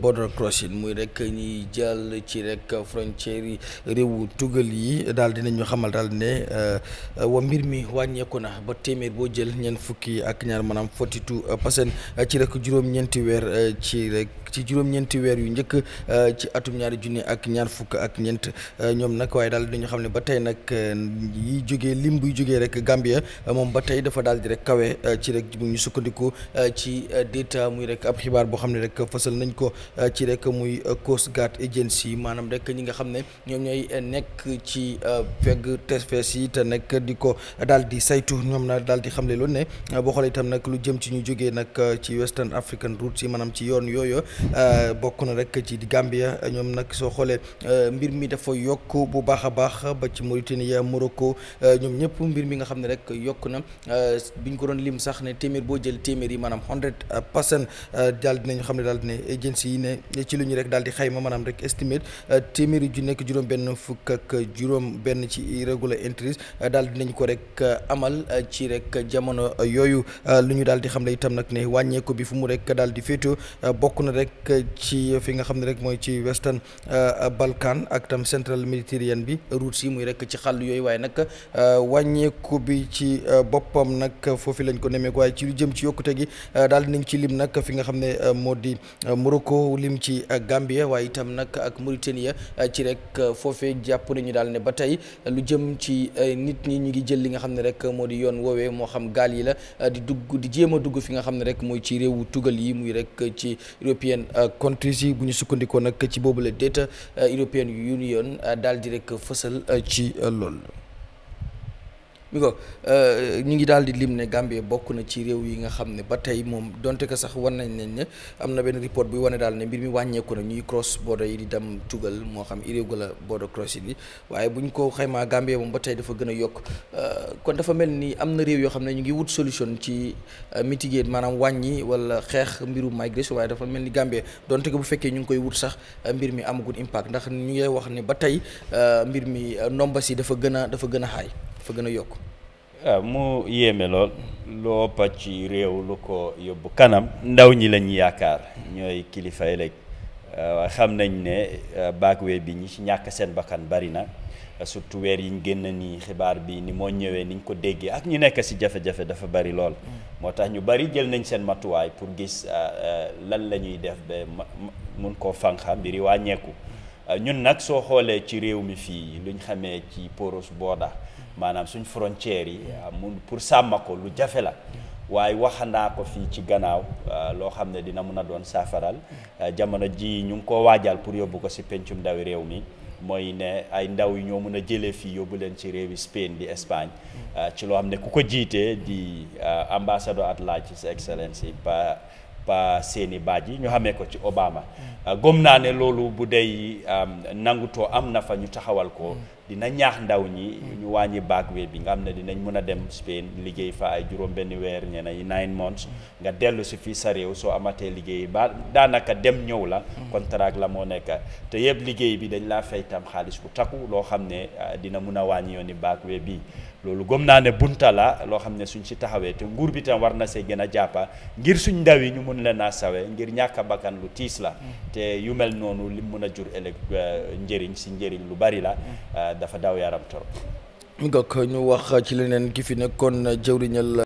border crossing muy rek ñuy jàll ci rek frontière yi réewu tugal yi daal dinañu xamal daal ne euh, wa mbir mi wàññeeku na ba téeméer boo jël ñeent fukki ak ñaar maanaam forty two ci rek juróom-ñeenti weer euh, ci rek ci juróom weer yu njëkk euh, ci atum ñaari junne ak ñaar fukk ak ñeent ñoom nag waaye daal dinañu xam ne ba tey nag yi jóge lim buy jógee rek Gambia moom ba tey dafa daal di rek kawe ci rek bu ñu sukkandiku ci data muy rek ab xibaar boo xam ne rek fësal nañ ko Euh, ci rek muy euh, Coast Guard Agency maanaam rek ñi nga xam ne ñoom ñooy euh, nekk ci pegg tefes yi te nekk di ko daal di saytu ñoom na daal di xamle loolu ne boo xoolee itam nag lu jëm ci ñu jógee nag ci Western African Route yi maanaam ci yoon yooyu bokk na rek ci Gambia ñoom nag soo xoolee mbir mi dafa yokk bu baax a baax ba ci Mauritanie Morocco ñoom ñëpp mbir mi nga xam ne rek yokk na biñ ko doon lim sax ne téeméer boo jël téeméer yi maanaam 100 percent daal dinañu xam ne daal dina agency yi ne ci lu ñu rek daal di xayma maanaam rek estimé euh, téeméeri ju nekk juróom-benn fukk ak juróom-benn ci regular entries euh, daal nañ ko rek euh, amal ci rek jamono yooyu lu ñu daal di xam ne itam nag ne wàññeeku bi fu mu rekk daal di féetoo bokk na rek ci fi nga xam ne rek mooy ci western Balkan ak tam central Méditerranée bi routes yi muy rek ci xàll yooyu waaye nag wàññeeku bi ci boppam nag foofu lañ ko nemmeeku waaye ci lu jëm ci yokkute gi daal nañ ci lim nag fi nga xam ne moo di ko lim ci Gambia waaye itam nag ak Mauritania eh, ci rek eh, foofee jàpp nañu daal ne ba tey lu jëm ci eh, nit ñi ñu ngi jël li nga xam ne rek moo di yoon woowee moo xam gaal yi la di dugg di jéem a dugg fi nga xam ne rek mooy ci réewu tugal yi muy rek ci European countries yi bu ñu sukkandikoo nag ci boobu la déeta European Union daal di rek fësal ci lool mi ko uh, ñu ngi daal di lim ne Gambie bokk na ci réew yi nga xam ne ba tey moom donte ko sax war nañ nañ ne am na benn report buy wane daal ne mbir mi wàññeeku na ñuy cross border yi di dem tugal moo xam irrégular border crossing yi waaye bu ñu ko xaymaa Gambie moom ba tey dafa gën a yokk uh, kon dafa mel ni am na réew yoo xam ne ñu ngi wut solution ci uh, mitigate maanaam wàññi wala xeex mbiru migration waaye dafa mel ni Gambie donte ko bu fekkee ñu ngi koy wut sax mbir mi amagul impact ndax ñu ngi wax ne ba tey mbir mi ndombas si dafa gën a dafa gën a xaay dafa gën a yokk waaw ah, mu yéeme lool loo ci réew lu ko yóbbu kanam ndaw ñi lañ yaakaar ñooy kilifa yi léegi ah, xam nañ ne ah, baakwee bi ñi ci ñàkk seen bakkan bari na surtout weer yi ñu génn nii xibaar bi ni moo ñëwee ni ñu ko déggee ak ñu nekk si jafe-jafe dafa bari lool. moo tax ñu bari jël nañ seen matuwaay pour gis lan la ñuy def ba mun koo fanqa mbiri wàññeeku ñun nag soo xoolee ci réew mi fii luñ xamee ci poros booda maanaam suñ frontières yi ah, mun pour sàmm ko lu jafe la waaye waxanaa ko fii ci gannaaw ah, loo xam ne dina mun a doon saafaral ah, jamono ji ñu ngi ko waajal pour yóbbu ko si pencum ndawi réew mi mooy ne ay ndaw yi ñoo mun a jëlee fii yóbbu leen ci réewi Spain di Espagne ci loo xam ne ku ko jiitee di ambassadeur at large his excellence pa pa seeni baaj yi ñu xamee ko ci Obama gom naa ne loolu bu dey nangutoo am na fa ñu taxawal ko dina ñaax ndaw ñi ñu wàññi back way bi nga xam ne dinañ mën a dem Spain liggéey fa ay juróom benn weer ñe yi nine months nga dellu si fii sa réew soo amatee liggéey ba daanaka dem ñëw la contrat la moo nekk te yëpp liggéey bi dañ laa fay tam xaalis bu takku loo xam ne ah, dina mun a wàññi yoon i back way bi loolu gom naa ne bunta la loo xam ne suñ si taxawee te nguur bi tam war na see gën a jàppa ngir suñ ndaw yi ñu mun leen a sawee ngir ñàkk a bakkan lu tiis la mm. te yu mel noonu lim mun a jur ëllëg euh, njëriñ si njëriñ lu bari la mm. ah, dafa daw yaram torop. ngok ñu wax ci leneen ki fi nekkoon jëwriñal